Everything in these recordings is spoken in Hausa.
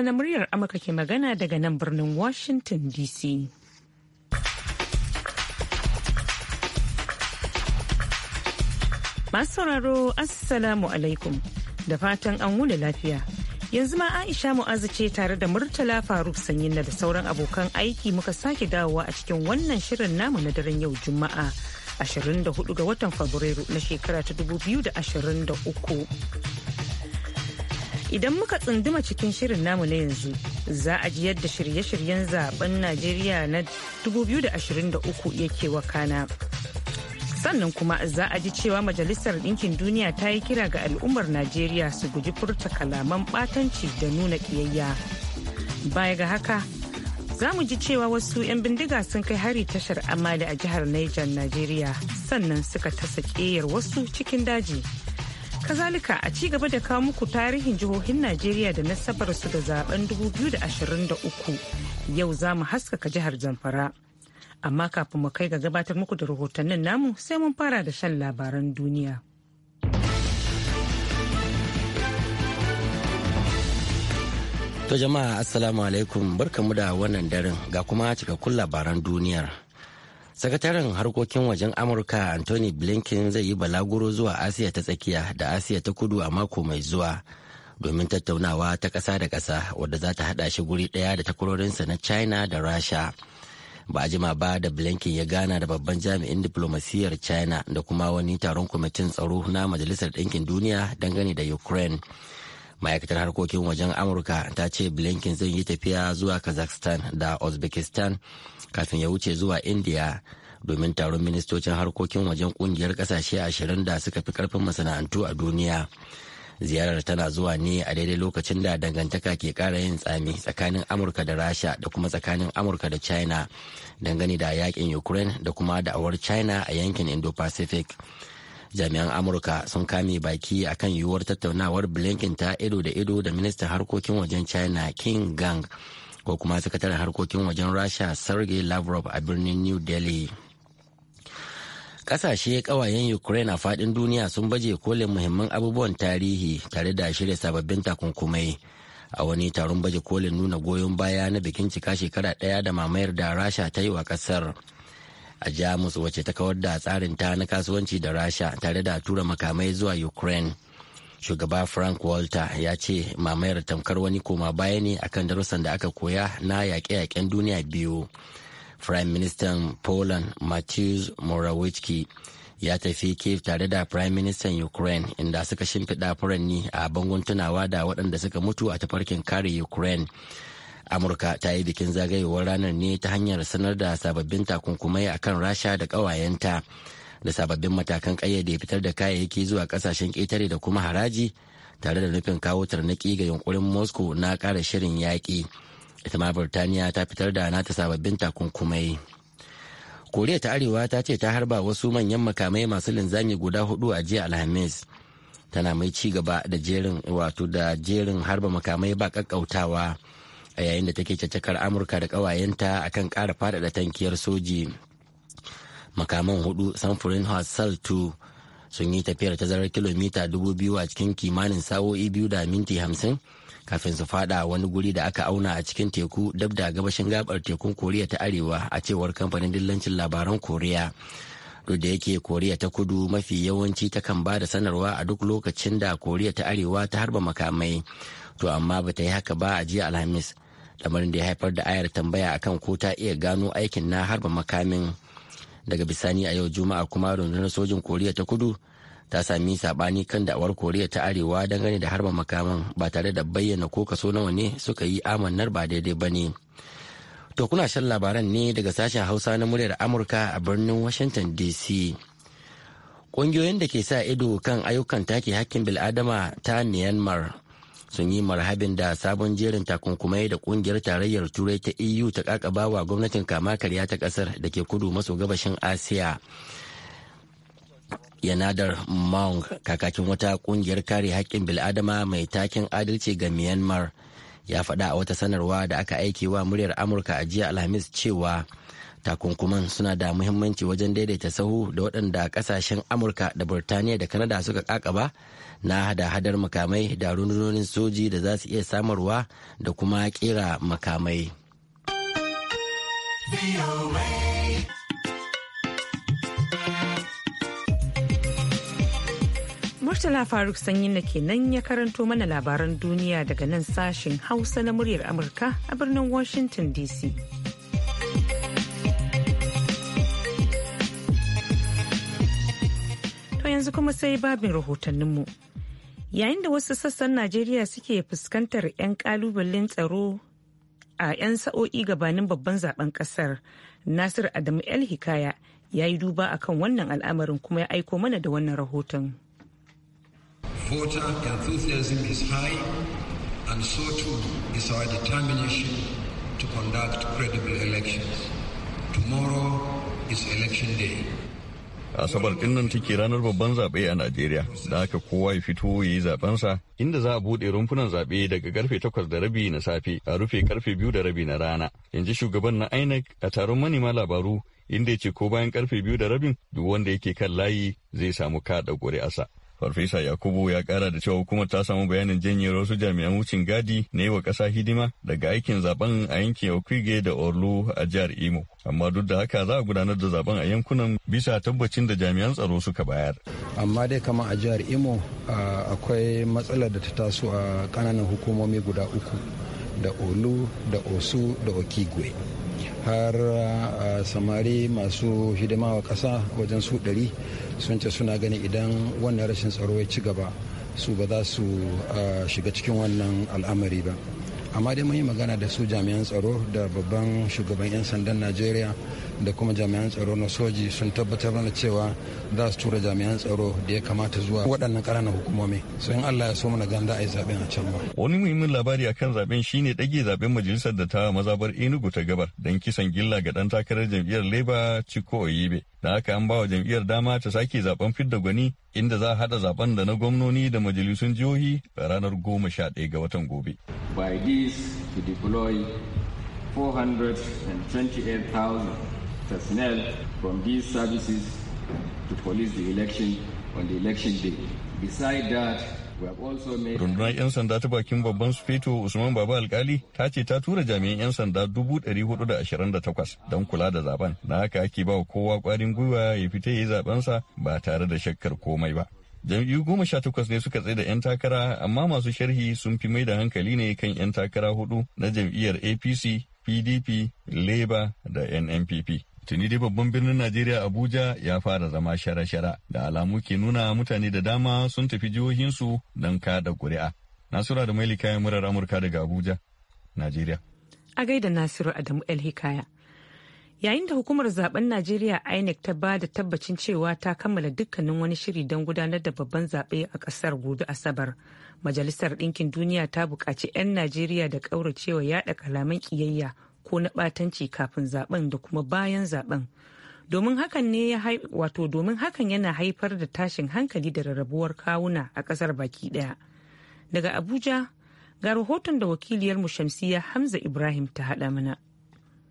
Hausa na muryar Amurka ke magana daga nan birnin Washington DC. Masu sauraro Assalamu alaikum da fatan an wuni lafiya. Yanzu ma Aisha Mu'azu ce tare da Murtala Faruk Sanyinna da sauran abokan aiki muka sake dawowa a cikin wannan shirin namu na daren yau Juma'a 24 ga watan Fabrairu na shekara ta 2023. Idan muka tsunduma cikin shirin namu na yanzu, za a ji yadda shirye-shiryen zaben Najeriya na 2023 yake wakana. Sannan kuma za a ji cewa Majalisar Ɗinkin Duniya ta yi kira ga al'ummar Najeriya su guji furta kalaman ɓatanci da nuna ƙiyayya. Baya ga haka, za mu ji cewa wasu 'yan bindiga sun kai hari tashar amali a jihar Niger, Najeriya, sannan suka tasa ƙeyar wasu cikin daji. kazalika a ci gaba da kawo muku tarihin jihohin najeriya da nasabar su da zaben 2023 yau zamu haskaka jihar zamfara amma kafin mu kai ga gabatar muku da rahotannin namu sai mun fara da shan labaran duniya to jama'a assalamu alaikum barkamu da wannan daren ga kuma cikakkun labaran duniyar sakataren harkokin wajen amurka anthony blinken zai yi balaguro zuwa asiya ta tsakiya da asiya ta kudu a mako mai zuwa domin tattaunawa ta ƙasa da ƙasa wadda za ta haɗa shi guri ɗaya da takwarorinsa na china da rasha ba a jima ba da blinken ya gana da babban jami'in diplomasiyyar china da kuma wani taron kwamitin tsaro na majalisar ɗinkin duniya dangane da ukraine ma'aikatar harkokin wajen amurka ta ce blinken zai yi tafiya zuwa kazakhstan da uzbekistan kafin ya wuce zuwa india domin taron ministocin harkokin wajen kungiyar kasashe ashirin da suka fi karfin masana'antu a duniya ziyarar tana zuwa ne a daidai lokacin da dangantaka ke kara yin tsami tsakanin amurka da rasha da kuma tsakanin amurka da china dangane da yakin ukraine da kuma da'awar china a yankin indo-pacific jami'an amurka sun kame baki akan yiwuwar tattaunawar blinken ta ido da ido da ministan harkokin wajen china king gang ko kuma sakataren harkokin wajen rasha sergei lavrov a birnin new delhi kasashe kawayen ukraine a fadin duniya sun baje kolin muhimman abubuwan tarihi tare da shirya sababbin takunkumai a wani taron baje kolin nuna goyon baya na bikin cika shekara daya da mamayar da rasha ta yi wa kasar. a jamus wacce ta kawar da tsarin ta na kasuwanci da rasha tare da tura makamai zuwa ukraine shugaba frank walter ya ce mamayar tamkar wani koma baya ne akan darussan da aka koya na yaƙe-yaƙen duniya biyu prime minister poland matthews morawiecki ya tafi kiev tare da prime minister ukraine inda suka shimfiɗa furanni a bangon tunawa da waɗanda suka mutu a tafarkin kare ukraine amurka ta yi bikin zagayowar ranar ne ta hanyar sanar da sababbin takunkumai a kan rasha da ƙawayenta da sababbin matakan ƙayyade fitar da kayayyaki zuwa ƙasashen ƙetare da kuma haraji tare da nufin kawo tarnaki ga yunkurin moscow na ƙara shirin yaƙi ita ma burtaniya ta fitar da nata sababbin takunkumai koriya ta arewa ta ce ta harba wasu manyan makamai masu linzami guda hudu a jiya alhamis tana mai ci gaba da jerin wato da jerin harba makamai ba ƙaƙƙautawa a yayin da take cacakar amurka da ƙawayenta kan ƙara faɗaɗa tankiyar soji makaman hudu samfurin hassel 2 sun yi tafiyar ta zarar kilomita 2000 a cikin kimanin sa'o'i biyu da minti 50 kafin su fada wani guri da aka auna a cikin teku dab da gabashin gabar tekun koriya ta arewa a cewar kamfanin dillancin labaran koriya duk da yake koriya ta kudu mafi yawanci ta kan ba da sanarwa a duk lokacin da koriya ta arewa ta harba makamai to amma ba ta yi haka ba a jiya alhamis lamarin da ya haifar da ayar tambaya akan ko ta iya gano aikin na harba makamin daga bisani a yau juma'a kuma rundunar sojin koriya ta kudu ta sami sabani kan da'awar koriya ta arewa dangane da harba makamin ba tare da bayyana ko kaso nawa ne suka yi amannar ba daidai ba ne to kuna shan labaran ne daga sashen hausa na muryar amurka a birnin washington dc ƙungiyoyin da ke sa ido kan ayyukan take hakkin bil'adama ta myanmar sun yi marhabin da sabon jerin takunkumai da kungiyar tarayyar turai ta eu ta kakabawa gwamnatin kama karya ta kasar da ke kudu maso gabashin asiya yanadar mong kakakin wata kungiyar kare haƙƙin bil'adama mai takin adalci ga myanmar ya faɗa a wata sanarwa da aka aike wa muryar amurka a jiya alhamis cewa takunkuman suna da muhimmanci wajen daidaita sahu da waɗanda ƙasashen amurka da burtaniya da kanada suka ƙaƙaba na hada-hadar makamai da rundunonin soji da za su iya samarwa da kuma kera makamai. Murtala Faruk Sanyin da nan ya karanto mana labaran duniya daga nan sashen Hausa na muryar Amurka a birnin Washington DC. yanzu kuma sai babin rahotanninmu. Yayin da wasu sassan Najeriya suke fuskantar 'yan kalubalen tsaro a 'yan sa'o'i gabanin babban zaben kasar, Nasir Adamu El Hikaya ya yi duba akan wannan al'amarin kuma ya aiko mana da wannan rahoton. Voter is high and so too Tomorrow is election day. asabar dinnan take ranar babban zaɓe a najeriya da haka kowa ya fito ya yi zaɓensa inda za a buɗe rumfunan zaɓe daga karfe takwas da rabi na safe a rufe karfe biyu da rabi na rana yanzu shugaban na inec a taron manema labaru inda ya ce ko bayan karfe biyu da rabin duk wanda yake kan layi zai samu kaɗa ƙuri'arsa Farfesa Yakubu ya kara da cewa hukumar ta samu bayanin janyewar wasu jami'an wucin gadi na yi wa ƙasa hidima daga aikin zaben a yankin Okwige da Orlu a jihar Imo. Amma duk da haka za a gudanar da zaben a yankunan bisa tabbacin da jami'an tsaro suka bayar. Amma dai kama a jihar Imo akwai matsalar da ta taso a ƙananan hukumomi guda uku da Olu da Osu da Okigwe. har samari masu hidima wa ƙasa wajen su ɗari sun ce suna gani idan wannan rashin tsaro ya ci gaba su ba za su shiga cikin wannan al'amari ba amma dai mun yi magana da su jami'an tsaro da babban shugaban 'yan sandan najeriya da kuma jami'an tsaro na soji sun tabbatar mana cewa za su tura jami'an tsaro da ya kamata zuwa waɗannan ƙananan hukumomi so in Allah ya so mana ganda a yi zaɓen a can ba. Wani muhimmin labari akan zaɓen shine ɗage zaɓen majalisar da ta mazabar Enugu ta gabar don kisan gilla ga ɗan takarar jam'iyyar leba ciko Oyibe. Da haka an bawa jam'iyyar dama ta sake zaɓen fidda gwani inda za a haɗa zaɓen da na gwamnoni da majalisun jihohi a ranar goma sha ɗaya ga watan gobe. By this to deploy 428,000 personnel from these services to police the election on the election day. Beside that, Rundunar 'yan sanda ta bakin babban sufeto Usman Baba Alkali ta ce ta tura jami'an 'yan sanda dubu da 428 don kula da zaben. Na haka ake ba kowa kwarin gwiwa ya fita ya yi zabensa ba tare da shakkar komai ba. jam'iyyu goma sha takwas ne suka tsaye da 'yan takara amma masu sharhi sun fi mai da hankali ne kan 'yan takara hudu na jam'iyyar apc pdp labour da nnpp Tuni dai babban birnin Najeriya Abuja ya fara zama shara-shara da alamu ke nuna mutane da dama sun tafi jihohinsu don kada ƙuri'a. Nasura da Maili kayan murar Amurka daga Abuja, Najeriya. A gaida Nasiru Adamu El Hikaya. Yayin da hukumar zaben Najeriya INEC ta ba da tabbacin cewa ta kammala dukkanin wani shiri don gudanar da babban zaɓe a ƙasar gobe Asabar. Majalisar Ɗinkin Duniya ta bukaci 'yan Najeriya da ƙauracewa yaɗa kalaman ƙiyayya ko na batanci kafin zaben da kuma bayan zaben domin hakan ne ya wato domin hakan yana haifar da tashin hankali da rarrabuwar kawuna a ƙasar baki ɗaya daga abuja ga rahoton da wakiliyarmu shamsiya hamza ibrahim ta haɗa mana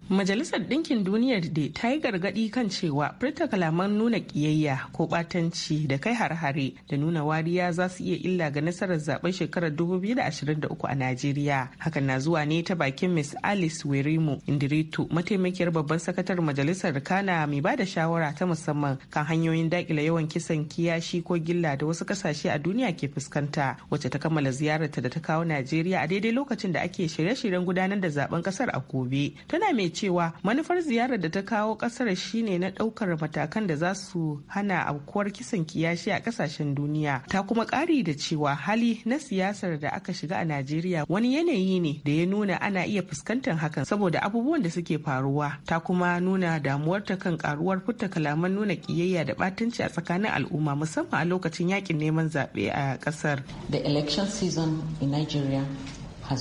Majalisar Ɗinkin Duniyar da ta yi gargaɗi kan cewa furta kalaman nuna ƙiyayya ko ɓatanci da kai har-hare da nuna wariya za su iya illa ga nasarar zaben shekarar 2023 a Najeriya. Hakan na zuwa ne ta bakin Miss Alice werimu Indiritu, mataimakiyar babban sakatar majalisar Kana mai ba da shawara ta musamman kan hanyoyin daƙile yawan kisan kiyashi ko gilla da wasu ƙasashe a duniya ke fuskanta, wacce ta kammala ziyararta da ta kawo Najeriya a daidai lokacin da ake shirye-shiryen gudanar da zaben ƙasar a gobe. Tana mai cewa manufar ziyarar da ta kawo kasar shine na daukar matakan da za su hana aukuwar kisan kiyashi a kasashen duniya ta kuma kari da cewa hali na siyasar da aka shiga a najeriya wani yanayi ne da ya nuna ana iya fuskantar hakan saboda abubuwan da suke faruwa ta kuma nuna damuwar ta kan karuwar furta kalaman nuna kiyayya da batanci a tsakanin al'umma musamman a lokacin yakin neman zaɓe a kasar the election season in nigeria Ta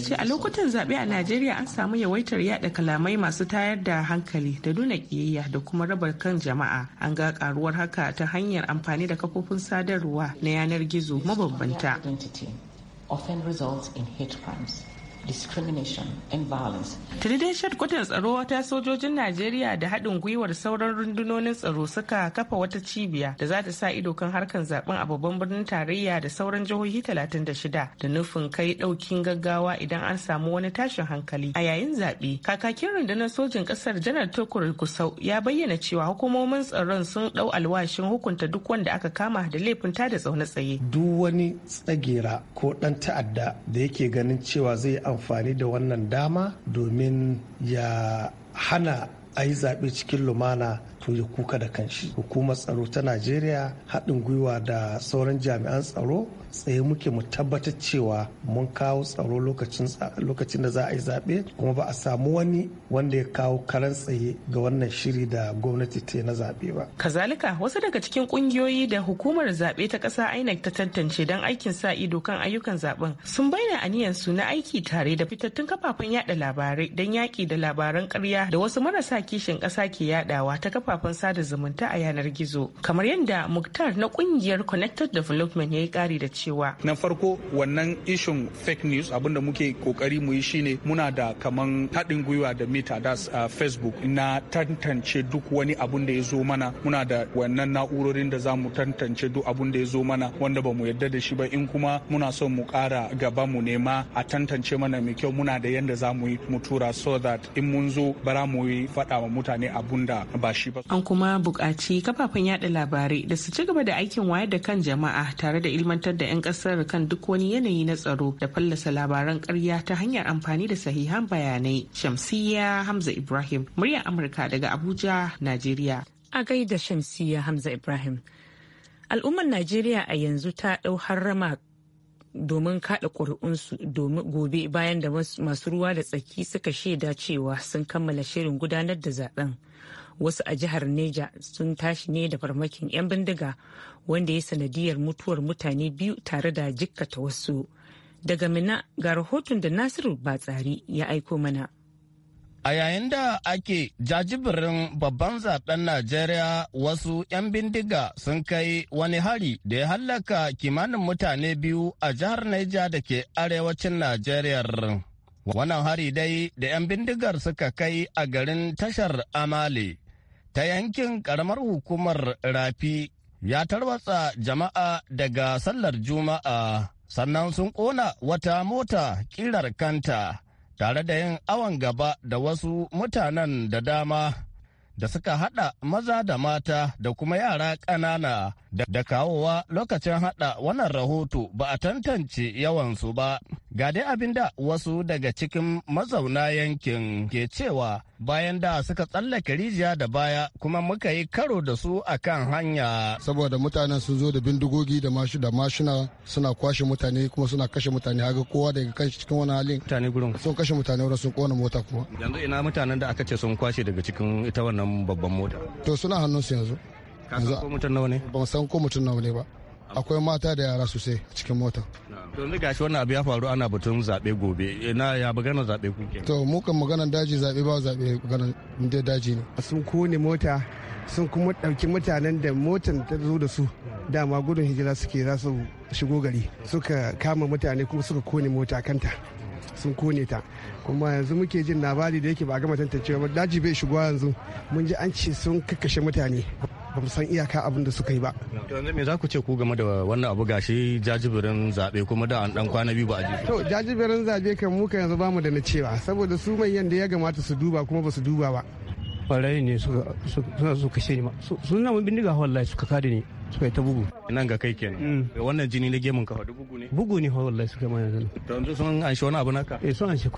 ce a lokutan zaɓe a Najeriya an samu yawaitar yada kalamai masu tayar da hankali da nuna ƙiyayya da kuma rabar kan jama'a. An ga karuwar haka ta hanyar amfani da kafofin sadarwa na yanar gizo mabambanta. discrimination and violence. Trinidad Shadkwatan tsaro ta sojojin Najeriya da haɗin gwiwar sauran rundunonin tsaro suka kafa wata cibiya da za ta sa ido kan harkar zaben a babban birnin tarayya da sauran jihohi 36 da nufin kai ɗaukin gaggawa idan an samu wani tashin hankali a yayin zaɓe. Kakakin rundunar sojin ƙasar Janar Tokur Gusau ya bayyana cewa hukumomin tsaron sun ɗau alwashin hukunta duk wanda aka kama da laifin tada tsaune tsaye. Duk wani tsagera ko ɗan ta'adda da yake ganin cewa zai amfani amfani da wannan dama domin ya hana a yi zaɓe cikin lumana to ya kuka da kanshi hukumar tsaro ta najeriya haɗin gwiwa da sauran jami'an tsaro tsaye muke mu tabbatar cewa mun kawo tsaro lokacin da za a yi zaɓe kuma ba a samu wani wanda ya kawo karan tsaye ga wannan shiri da gwamnati ta na zaɓe ba. Kazalika wasu daga cikin ƙungiyoyi da hukumar zaɓe ta ƙasa INEC ta tantance don aikin sa ido kan ayyukan zaɓen sun bayyana su na aiki tare da fitattun kafafen yada labarai don yaƙi da labaran ƙarya da wasu marasa kishin ƙasa ke yaɗawa ta kafafen sada zumunta a yanar gizo kamar yadda Muktar na ƙungiyar Connected Development ya yi ƙari da cewa na farko wannan ishin fake news abinda muke kokari mu yi shine muna da kaman haɗin gwiwa da mita das uh, facebook na tantance duk wani abun da ya zo mana muna da wannan na'urorin da za mu tantance duk abun da ya zo mana wanda ba mu yarda da shi ba in kuma muna so mu ƙara gaba mu nema a tantance mana mai kyau muna da yanda za mu yi mu tura so that in mun zo bara mu yi faɗa wa mutane abun da ba shi ba. An kuma bukaci kafafen yada labarai da su ci gaba da aikin wayar da kan jama'a tare da ilmantar da 'yan kasar kan duk wani yanayi na tsaro da fallasa labaran karya ta hanyar amfani da sahihan bayanai shamsiya hamza ibrahim muryar amurka daga abuja najeriya a gaida shamsiya hamza ibrahim al'ummar najeriya a yanzu ta ɗau harrama domin kada ƙuri'unsu gobe bayan da masu ruwa da tsaki suka shaida cewa sun kammala shirin gudanar da zaben. wasu a jihar neja sun tashi ne da farmakin 'yan bindiga wanda ya sanadiyar mutuwar mutane biyu tare da jikkata wasu daga mina ga rahoton da nasiru batsari ya aiko mana A yayin da ake jajibirin babban zaben Najeriya wasu 'yan bindiga sun kai wani hari da ya hallaka kimanin mutane biyu a jihar neja da ke arewacin Najeriya. Wannan hari dai da 'yan bindigar suka kai a garin tashar Amale ta yankin karamar hukumar rafi ya tarwatsa jama'a daga sallar juma'a sannan sun ƙona wata mota ƙirar kanta tare da yin awon gaba da wasu mutanen da dama da suka hada maza da mata da kuma yara ƙanana da kawowa lokacin hada wannan rahoto ba a tantance yawansu ba ga dai abin da wasu daga cikin mazauna yankin ke cewa bayan da suka tsallake rijiya da baya kuma muka yi karo da su a kan hanya. Saboda mutanen sun zo da bindigogi da mashu da mashina suna kwashe mutane kuma suna kashe mutane haka kowa daga kan cikin wani halin. Mutane gurin. Sun kashe mutane wurin sun kona mota kuma. Yanzu ina mutanen da aka ce sun kwashe daga cikin ita wannan babban mota. To suna hannun su yanzu. Ka san ko mutum nawa ne? Ban san ko mutum nawa ne ba. akwai mata da yara sosai a cikin mota. to ni gashi wannan abu ya faru ana batun zaɓe gobe na ya magana zaɓe kuke. to mu kan magana daji zaɓe ba zaɓe magana inda daji ne. sun kone mota sun kuma ɗauki mutanen da motan ta zo da su dama gudun hijira suke za su shigo gari suka kama mutane kuma suka kone mota kanta sun kone ta kuma yanzu muke jin labari da yake ba a gama tantancewa ba daji bai shigo yanzu mun ji an ce sun kakkashe mutane ba san iyaka abin da suka yi ba. yanzu me za ku ce ku game da wannan abu gashi jajibirin zabe kuma da an dan kwana biyu ba a ji. to jajibirin zabe kan muka yanzu ba mu da na cewa saboda su manyan da ya gamata su duba kuma ba su duba ba. farai ne suka suka kashe ni ma sun mun bindiga wallahi suka kada ni suka yi ta bugu. nan ga kai kenan mm. eh, wannan jini na gemun bugu ne bugu ne wallahi suka to yanzu sun an wani abu naka eh sun an shi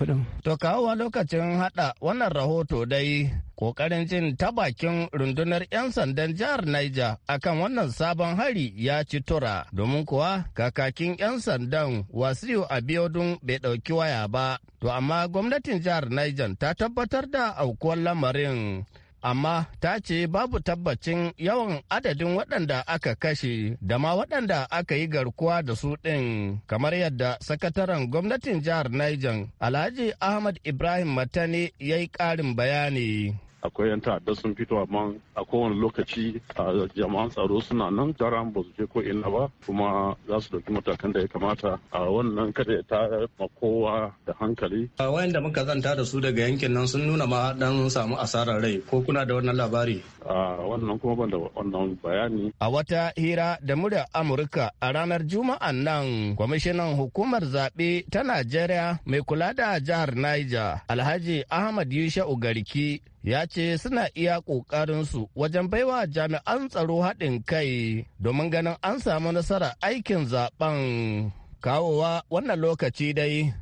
to kawo lokacin hada wannan rahoto dai kokarin jin ta bakin rundunar 'yan sandan jihar Niger akan wannan sabon hari ya ci tura domin kuwa kakakin 'yan sandan wasiyu abiodun bai ɗauki waya ba to amma gwamnatin jihar Niger ta tabbatar da aukuwar lamarin amma ta ce babu tabbacin yawan adadin waɗanda aka kashe da ma waɗanda aka yi garkuwa da su ɗin kamar yadda sakataren gwamnatin jihar Niger Alhaji Ahmad Ibrahim Matane ya yi ƙarin bayani. akwai 'yan ta'adda sun fito a amma a kowane lokaci a jama'an tsaro suna nan jaran ba su je ko ina ba kuma za su dauki matakan da ya kamata a wannan kada ya tara kowa da hankali. a wayanda muka zanta da su daga yankin nan sun nuna ma dan samu asarar rai ko kuna da wannan labari. a wannan kuma ban da wannan bayani. a wata hira da murya amurka a ranar juma'a nan kwamishinan hukumar zaɓe ta najeriya mai kula da jihar niger alhaji ahmad yusha ugariki ya ce suna iya ƙoƙarinsu wajen baiwa jami'an tsaro haɗin kai domin ganin an samu nasara aikin zaben kawowa wannan lokaci dai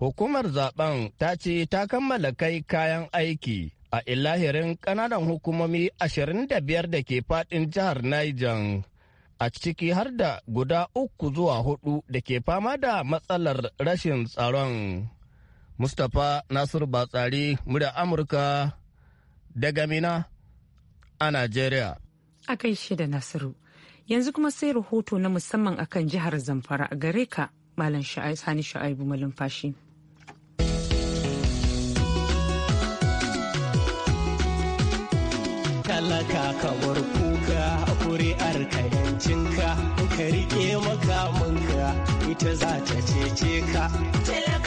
hukumar zaben ta ce ta kammala kai kayan aiki a ilahirin ƙananan hukumomi 25 da ke faɗin jihar Niger. a ciki har da guda uku zuwa hudu da ke fama da matsalar rashin tsaron. Mustapha Nasiru Batsari, murya Amurka daga Mina a Najeriya. A kai shida Nasiru. Yanzu kuma sai rahoto na musamman akan jihar Zamfara a gare ka Malam Sani Sha'aibu Malumfashi. Talaka kamar kuka kuri'ar ka yancinka ka rike makamanka ita za ta cece ka.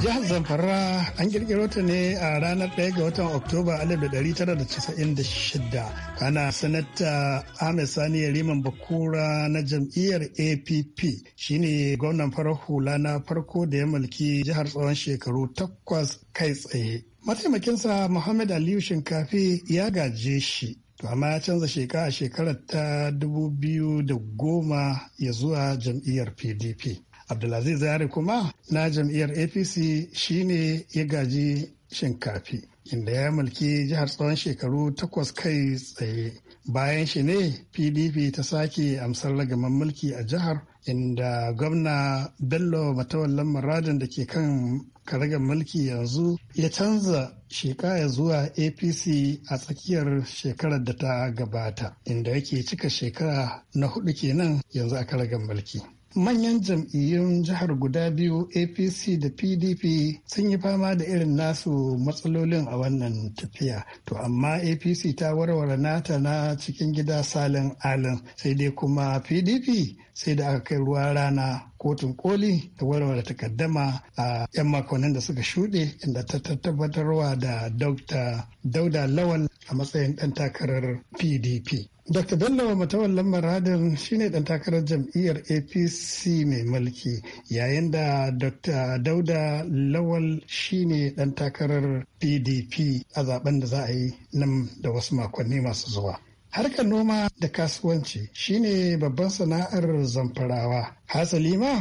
Jihar Zamfara an kirkiro ta ne a ranar 1 ga watan Oktoba 1996. Kana sanata Ahmed Sani yariman Bakura na jam'iyyar APP shine gwamnan farar hula na farko da ya mulki jihar tsawon shekaru takwas kai tsaye. Mataimakinsa Muhammad Aliyu Shinkafi ya gaje shi. To amma ya canza shekara a shekarar ta 2010 ya zuwa jam'iyyar PDP. abdulaziz zare kuma na jam'iyyar apc shine ya gaji shinkafi inda ya mulki jihar tsawon shekaru takwas kai tsaye bayan shi ne pdp ta sake amsar lagaman mulki a jihar inda gwamna bello matawallan muradin da ke kan karagar mulki yanzu ya canza ya zuwa apc a tsakiyar shekarar da ta gabata inda yake cika shekara na hudu kenan yanzu a karagar mulki manyan jam'iyyun jihar guda biyu apc da pdp sun yi fama da irin nasu matsalolin a wannan tafiya to amma apc ta warware nata na cikin gida salin alin sai dai kuma pdp sai da aka kai ruwa rana kotun koli da warware takaddama a 'yan makonnin da suka shuɗe inda ta tabbatarwa da dauda Lawal a matsayin ɗan takarar pdp Dr. Bello Matawallan Maradin ne ɗan takarar jam'iyyar APC mai mulki yayin da Dr. Dauda Lawal shi ne ɗan takarar PDP a zaben da za a yi nan da wasu makonni masu zuwa. Harkar noma da kasuwanci shi ne babban sana'ar zamfarawa. Hasali ma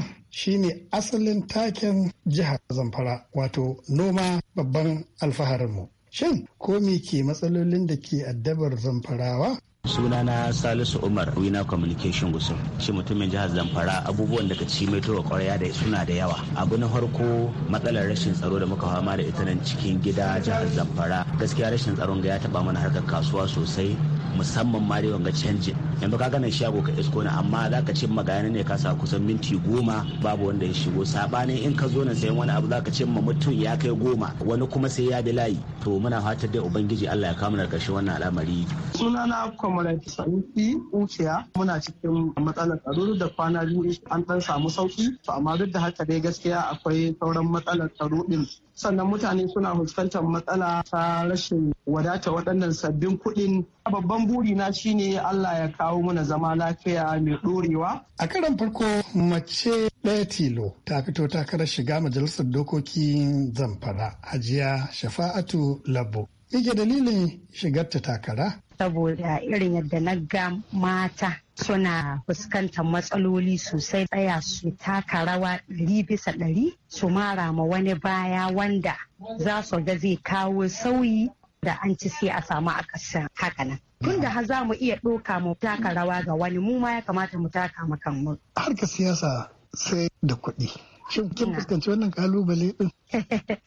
ne asalin taken jihar zamfara wato noma babban alfaharinmu. Shin ko me ke matsalolin da ke addabar zamfarawa sunana salisu umar wina communication gusau shi mutumin jihar zamfara abubuwan daga ka ci mai tura kwarya da suna da yawa abu na farko matsalar rashin tsaro da muka fama da ita nan cikin gida jihar zamfara gaskiya rashin tsaron ga ya taba mana harkar kasuwa sosai musamman ma dai wanga canjin yanzu ka gane shi ka isko ne amma za ka ga magana ne ka sa kusan minti goma babu wanda ya shigo sabanin in ka zo na sayan wani abu za ka cimma ma mutum ya kai goma wani kuma sai ya bi layi to muna fatar dai ubangiji Allah ya kama na karshe wannan al'amari sunana comrade sanusi ukiya muna cikin matsalar tsaro da kwana biyu an dan samu sauki to amma duk da haka dai gaskiya akwai sauran matsalar tsaro din sannan mutane suna fuskantar matsala ta rashin wadata waɗannan sabbin kuɗin babban burina shine Allah ya kawo mana zama lafiya mai ɗorewa. A karan farko mace ɗaya tilo ta fito takarar shiga majalisar dokokin zamfara hajiya shafa'atu labo. Mike dalilin shigarta takara? Saboda irin yadda na ga mata suna fuskantar matsaloli sosai tsaya su taka rawa ɗari bisa ɗari su mara ma wani baya wanda za su ga zai kawo sauyi da an ci sai a samu a ƙasa haka nan. Tun da za mu iya ɗoka mu taka rawa ga wani mu ma ya kamata mu taka mu kan mu. Harkar siyasa sai da kuɗi. Shin kin fuskanci wannan kalubale din?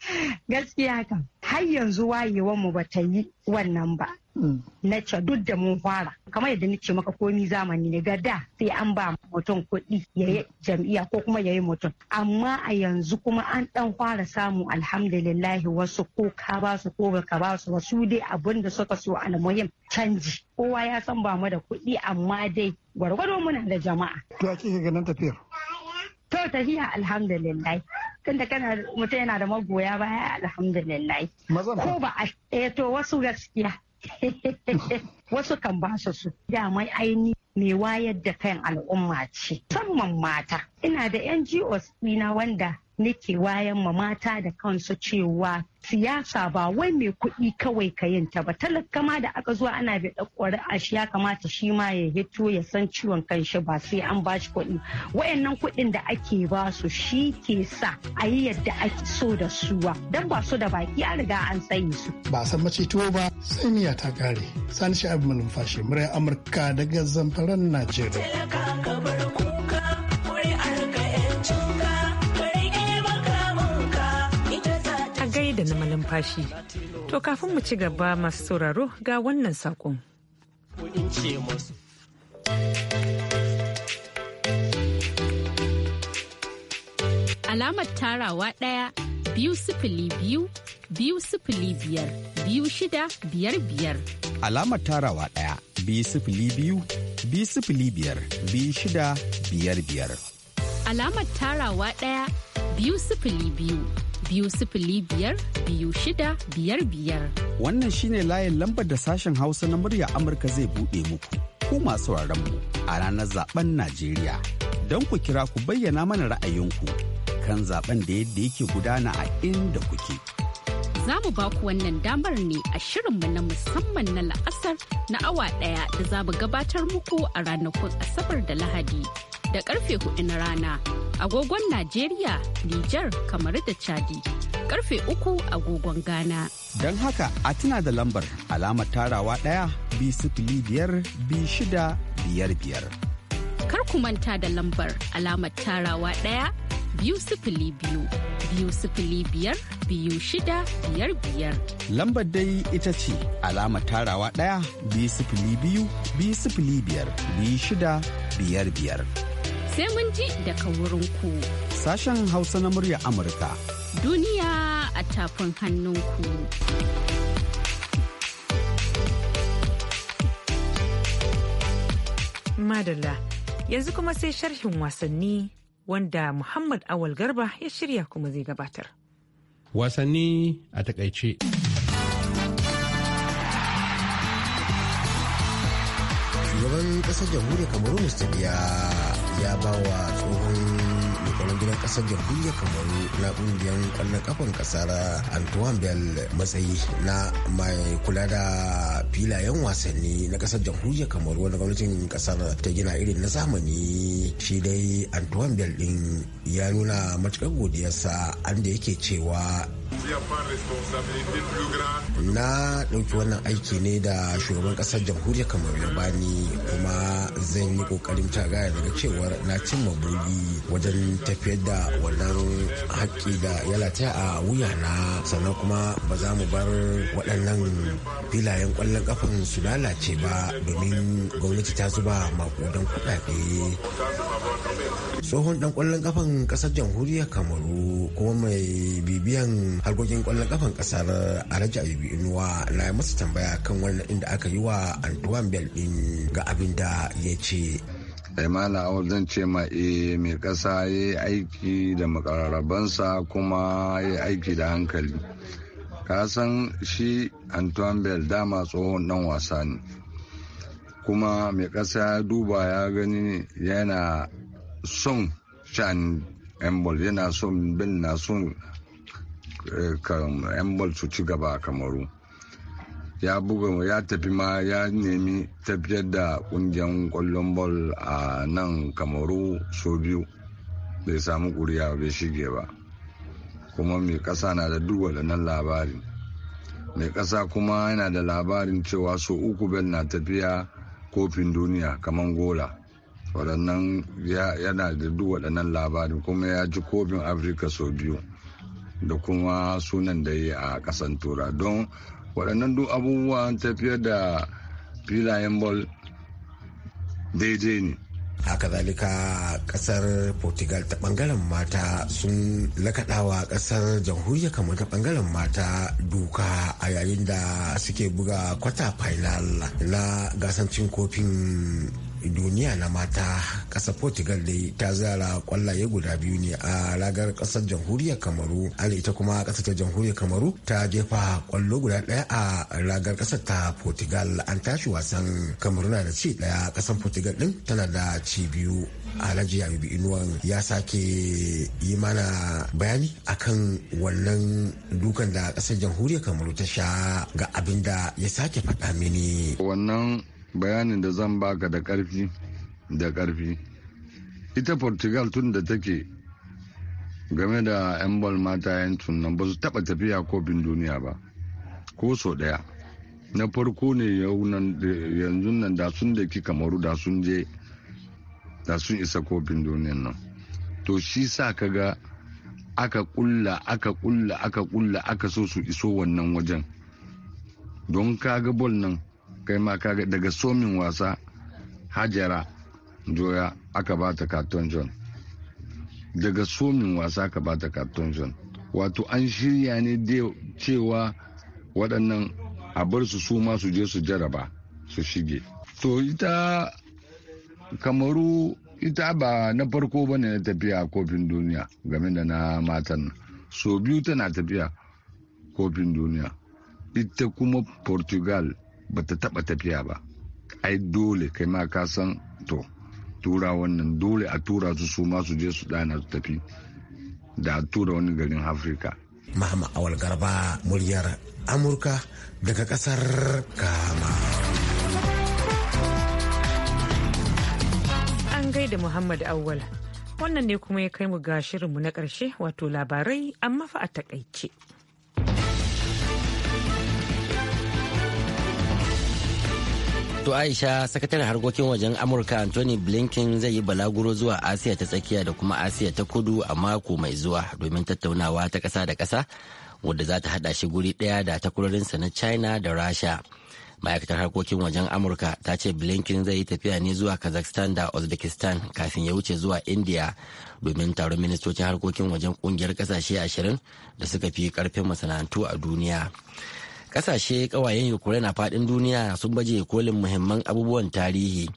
Gaskiya kan har yanzu wayewar mu bata yi wannan ba. na ce duk da mun fara kamar yadda ce maka komi zamani ne ga da sai an ba mutum kuɗi ya yi jam'iyya ko kuma ya yi mutum amma a yanzu kuma an dan fara samu alhamdulillahi wasu ko ka ba su ko ka ba su wasu dai abin da suka so almuhim canji kowa ya san ba mu da kuɗi amma dai gwargwado muna da jama'a to a kike ganin tafiyar to tafiya alhamdulillahi tunda kana mutum yana da magoya baya alhamdulillahi ko ba a eh to wasu gaskiya wasu kan ba su su damai aini mai wayar da kan al'umma ce musamman mata ina da ngos ɗina wanda nake wayan ma mata da kansu cewa siyasa ba wai mai kuɗi kawai ka yinta ba talaka ma da aka zuwa ana bi ɗakwari a shi ya kamata shi ma ya hito ya san ciwon kanshi ba sai an ba shi kuɗi wayannan kuɗin da ake ba su shi ke sa a yi yadda ake so da suwa dan ba su da baki an riga an sayi su ba san mace tuwo ba sai miya ta kare sani shi sha'ib malumfashi murai amurka daga zamfaran najeriya numfashi. To kafin mu ci gaba masu sauraro ga wannan saƙon. Alamar tarawa ɗaya biyu sifili biyu biyu sifili biyar biyu shida biyar biyar. Alamar tarawa ɗaya biyu sifili biyu biyu sifili biyar biyu shida biyar biyar. Alamar tarawa ɗaya biyu sifili biyu biyu sifili biyar biyu shida biyar biyar. Wannan shine layin lambar da sashen Hausa na murya Amurka zai buɗe muku, ku masu mu a ranar zaben Najeriya. Don ku kira ku bayyana mana ra'ayinku kan zaben da yadda yake gudana a inda kuke. Za mu ba ku wannan damar ne a shirinmu na musamman na la'asar na awa ɗaya da za mu gabatar muku a ranakun Asabar da Lahadi. da karfe 4 na rana agogon Najeriya, Nijar, kamar da Chadi. Karfe 3 agogon Ghana. Don haka a tuna da lambar alamar tarawa ɗaya bi sifili biyar bi shida biyar biyar. Kar ku manta da lambar alamar tarawa ɗaya biyu sifili biyu biyu sifili biyar biyu shida biyar biyar. Lambar dai ita ce alamar tarawa ɗaya biyu sifili biyu biyu sifili biyar biyu shida biyar biyar. sai mun ji daga wurin ku. Sashen Hausa na murya Amurka. Duniya a tafin hannunku. Madalla, yanzu kuma sai sharhin wasanni wanda Muhammad Awal Garba ya shirya kuma zai gabatar. Wasanni a takaice. Shugaban ƙasar jamhuriyar Kamaru Mr. ya ba wa tsohon mai gidan kasar jamhuriya kamaru na kungiyar kwallon kafan kasara antoine bell matsayi na mai kula da filayen wasanni na kasar jamhuriya kamaru wanda gwamnatin kasar ta gina irin na zamani shi dai antoine bell din ya nuna matukar godiyarsa an da yake cewa na ɗauki wannan aiki ne da shugaban ƙasar jamhuriyar kamar ya bani kuma zan yi ƙoƙarin gaya daga cewar na cimma buri wajen tafiyar da wannan haƙƙi da ya lataya a wuyana sannan kuma ba za mu bar waɗannan filayen ƙwallon ƙafan su lalace ba domin gwamnati ta zuba maƙudan kuɗaɗe tsohon dan kwallon kafan kasar jamhuriyar kamaru kuma mai bibiyan harkokin kwallon kafan kasar alhaji ayubi inuwa na ya masa tambaya kan wannan inda aka yi wa antoine bell din ga abin da ya ce Imana eh, Awul zan ce ma eh, e mai kasa ya yi aiki da makararrabansa kuma ya aiki da hankali. Ka san shi Antoine Bell dama tsohon dan wasa ne. Kuma mai kasa ya duba ya gani yana son shan embol yana son bin na son eh, embol su ci gaba a kamaru ya buga ya tafi ma ya nemi tafiyar da kungiyar kwallon bol a nan kamaru so biyu bai samu kuriya bai shige ba kuma mai kasa na da duk waɗannan labarin mai kasa kuma yana da labarin cewa so uku bel na tafiya kofin duniya kamar gola waɗannan yana da duk waɗannan labarin kuma ya ji kofin afirka sau biyu da kuma sunan da yi a ƙasan tura don waɗannan duk abubuwan tafiyar da filayen bol daidai ne haka zalika kasar portugal ta bangaren mata sun lakaɗawa kasar jamhuriya kamar ta bangaren mata duka a yayin da suke buga kwata final na gasancin kofin duniya na mata ƙasar portugal dai ta zara kwallaye guda biyu ne a ragar ƙasar jamhuriyar kamaru ala ita kuma ƙasar ta jamhuriyar kamaru ta jefa kwallo guda ɗaya a ragar ƙasar ta portugal an tashi wasan kamaru na da ci ɗaya ƙasar portugal ɗin tana da ci biyu alhaji ayubi inuwan ya sake yi mana bayani akan wannan dukan da ƙasar jamhuriyar kamaru ta sha ga abin da ya sake faɗa mini wannan bayanin da zan baka da karfi da karfi ita portugal tun da take game da 'yan bal mata 'yancin nan ba su taba tafiya kofin duniya ba ko so daya na farko ne yanzu nan da sun da kika maru da sun je da sun isa kofin duniyan nan to shi sa ka ga aka kulla aka kulla aka kulla aka so su iso wannan wajen don ka ga bol nan kai ma kaga daga somin wasa hajara joya aka bata katon john daga somin wasa aka bata katon john wato an shirya ne cewa waɗannan a bar su su ma su je su jaraba su shige to ita kamaru ita ba na farko ba ne na tafiya kofin duniya game da na matan so biyu tana tafiya kofin duniya ita kuma portugal ba ta taɓa tafiya ba ai dole kai ma ka san to tura wannan dole a tura su su ma su je su dana su tafi da a tura wani garin afirka mahama awal garba muryar amurka daga kasar kama an gaida muhammad awal wannan ne kuma ya kai mu ga shirinmu na karshe wato labarai amma fa a takaice. To Aisha sakataren harkokin wajen Amurka Anthony Blinken zai yi balaguro zuwa Asiya ta tsakiya da kuma Asiya ta kudu a mako mai zuwa domin tattaunawa ta kasa da ƙasa wadda za ta hada shi guri ɗaya da takwarorinsa na China da Rasha. Ma'aikatar harkokin wajen Amurka ta ce Blinken zai yi tafiya ne zuwa Kazakhstan da Uzbekistan kafin ya wuce zuwa India domin taron ministocin harkokin wajen ƙungiyar ƙasashe ashirin da suka fi ƙarfin masana'antu a duniya. kasashe kawayen ukraine a fadin duniya sun baje kolin muhimman abubuwan tarihi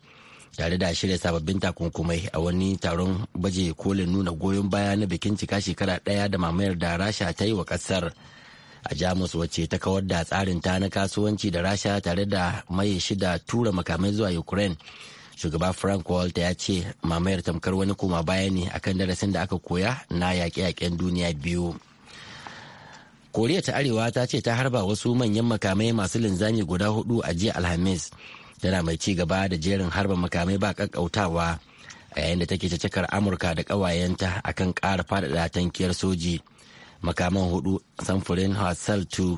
tare da shirya sababbin takunkumai a wani taron baje kolin nuna goyon baya na bikin cika shekara daya da mamayar da rasha ta yi wa kasar a jamus wacce ta kawar da tsarin ta na kasuwanci da rasha tare da mai shida tura makamai zuwa ukraine shugaba frank walter ya ce mamayar tamkar wani koma baya ne akan darasin da aka koya na yaƙe-yaƙen duniya biyu koriya ta arewa ta ce ta harba wasu manyan makamai masu linzami guda hudu a jiya alhamis tana mai ci gaba da jerin harba makamai ba kakkautawa a yayin da take cakar amurka da kawayenta akan kara faɗaɗa tankiyar soji makaman hudu samfurin hassel 2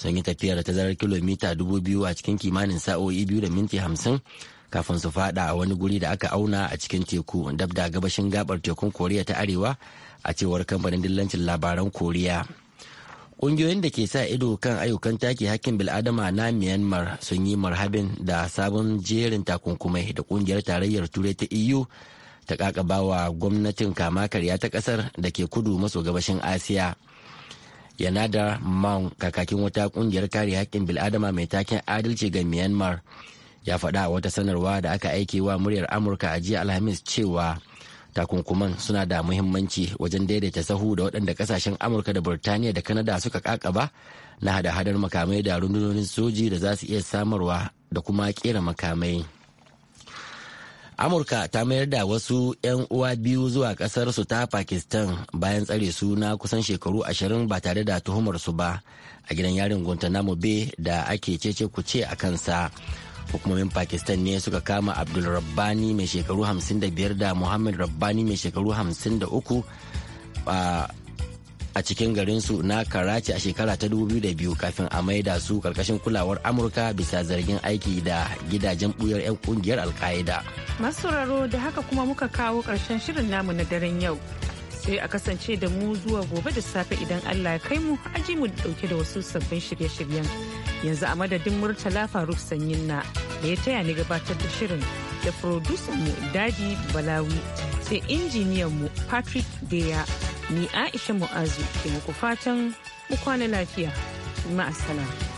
sun yi tafiyar da tazarar kilomita dubu biyu a cikin kimanin sa'o'i biyu da minti hamsin kafin su fada a wani guri da aka auna a cikin teku dab da gabashin gabar tekun koriya ta arewa a cewar kamfanin dillancin labaran koriya Ƙungiyoyin da ke sa ido kan ayyukan take hakkin bil'adama na Myanmar sun yi marhabin da sabon jerin takunkumai da ƙungiyar tarayyar turai ta EU ta ƙaƙabawa gwamnatin kama karya ta ƙasar da ke kudu maso gabashin Asiya. Yanada Maung kakakin wata ƙungiyar kare hakkin bil'adama mai taken adalci ga Myanmar ya faɗa wata sanarwa da aka aike wa muryar Amurka a jiya Alhamis cewa takunkuman suna da muhimmanci wajen daidaita sahu da waɗanda kasashen amurka da burtaniya da kanada suka kakaba na hada-hadar makamai da rundunonin soji da za su iya samarwa da kuma kera makamai amurka ta mayar da wasu 'yan uwa biyu zuwa kasar su ta pakistan bayan tsare su na kusan shekaru ashirin ba tare da tuhumar su ba a gidan yarin guantanamo bay da ake cece kuce a kansa hukumomin pakistan ne suka kama abdul rabbani mai shekaru 55 da muhammad rabbani mai shekaru 53 a cikin garinsu na karachi a shekara ta 2002 kafin a maida su karkashin kulawar amurka bisa zargin aiki da gidajen buyar 'yan kungiyar alka'ida masauraro da haka kuma muka kawo karshen shirin namu na daren yau sai a kasance da mu zuwa gobe da safe idan allah ya kai mu aji mu dauke da wasu sabbin shirye-shiryen yanzu a madadin murtala faruk sanyin na da ya taya ni gabatar da shirin da producer mu daji balawi sai injiniyan mu patrick deya ni aisha mu'azu ke muku fatan mu kwana lafiya ma'asala.